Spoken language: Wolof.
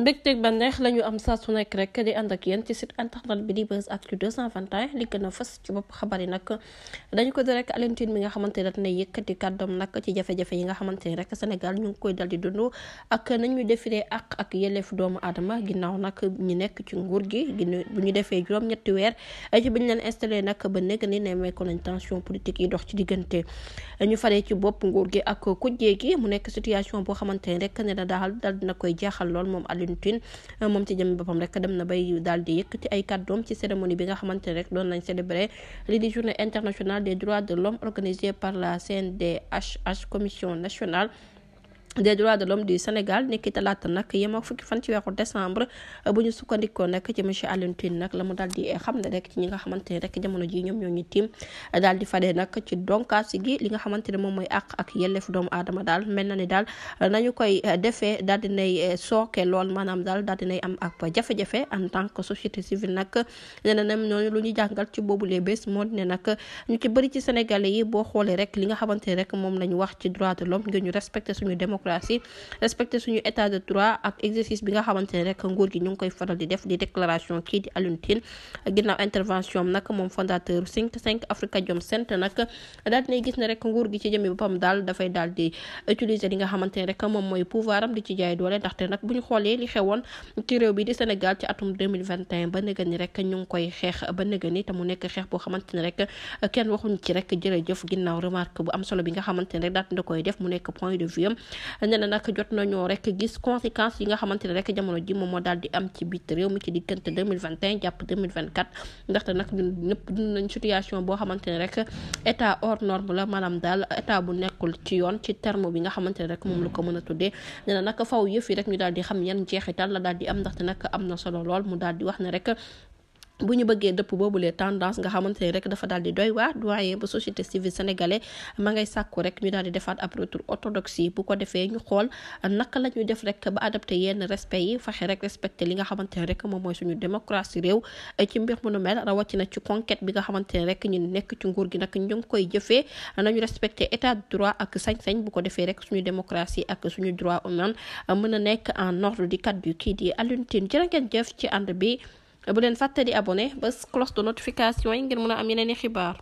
mbégteeg bànneex la ñu am saa su nekk rek di ànd ak yéen ci site internet bi di Buzz Actu 221 li gën a fës ci bopp xabar yi nag dañu ko di xamante ne daf na yëkkati kàddoom nag ci jafe-jafe yi nga xamante ñu ngi koy ak nañu defiree doomu aadama ginnaaw nag ñu nekk ci nguur gi bu ñu defee juróom-ñetti weer ci bi ñu leen installé nag ba nekk ni nemmeeku nañ tension politique yi dox ci diggante ñu faree ci bopp nguur gi ak kujjee gi mu nekk situation boo xamante ne rek ne na daal dal dina koy jaaxal lool moom Alioune Alioune Tine moom ci jëm boppam rek dem na bay daal di yëkkati ay kàddoom ci cérémonie bi nga xamante ne rek doon nañ célébrer lii di journée internationale des droits de l'homme organisée par la CNDHH commission nationale des droits de l'homme du Sénégal nekki talaata nag yem ak fukki fan ci weeru décembre euh, bu ñu sukkandikoo nag ci monsieur Alioune Tine nag la mu daal di xam ne rek ci ñi nga xamante ne ñoo ñu tiim euh, di fadee nag ci donkaasi gi li nga xamante ne moom mooy àq ak yelleef doomu aadama daal mel na ni daal euh, nañu koy defee daal dinay sooke lool maanaam daal daal dinay am ak jafe que société civile nag nee na nam lu ñu jàngal ci boobulee bés moo di ne nag ñu ci bëri ci sénégalais yi boo xoolee rek li nga xamante ne rek moom nañu wax ci droit de l'homme ngir ñu respecté suñu démocratie démocratie respecté suñu état de droit ak exercice bi nga xamante ne rek nguur gi ñu ngi koy faral di def di déclaration kii di Alioune Tine intervention am nag moom fondateur think tank Africa Jom Center nag daal gis ne rek nguur gi ci jëmee boppam daal dafay daal di utiliser li nga xamante ne rek moom mooy pouvoir am di ci jaay doole ndaxte nag bu ñu xoolee li xewoon ci bi di Sénégal ci atum 2021 ba nëga ni rek ñu ngi koy xeex ba nëga ni nekk xeex boo xamante ne rek kenn waxuñ ci rek jërëjëf ginnaaw remarque bu am solo bi nga xamante ne rek daal dina koy def mu nekk point de vue am nee na jot nañoo rek gis conséquence yi nga xamante ne rek jamono ji moom moo daal di am ci biir réew mi ci diggante 2021 jàpp 2024 ndaxte nag ñun ñëpp dund nañ situation boo xamante ne rek état hors norme la maanaam daal état bu nekkul ci yoon ci terme bi nga xamante ne rek moom la ko mën a tuddee nee na nag faw yëf yi rek ñu daal di xam yan jeexital la daal di am ndaxte nag am na solo lool mu daal di wax ne rek bu ñu bëggee dëpp boobu boobulee tendance nga xamante ne rek dafa daal di doy waar doyen ba société civile sénégalais ma ngay sàkku rek ñu daal di defaat ab retour orthodoxie bu ko defee ñu xool naka la ñuy def rek ba adapté yenn respect yi fexe rek respecté li nga xamante ne rek moom mooy suñu démocratie réew ci mbir mu nu mel rawatina ci conquête bi nga xamante ne rek ñu nekk ci nguur gi nag ñu ngi koy jëfee nañu respecté état de droit ak sañ-sañ bu ko defee rek suñu démocratie ak suñu droit humain mën a nekk en ordre di kaddu kii di Alioune Tine jërë ngeen ci ànd bi bu leen fàtte di abonné ba cloche de notification yi ngir mën a am yeneen i xibaar.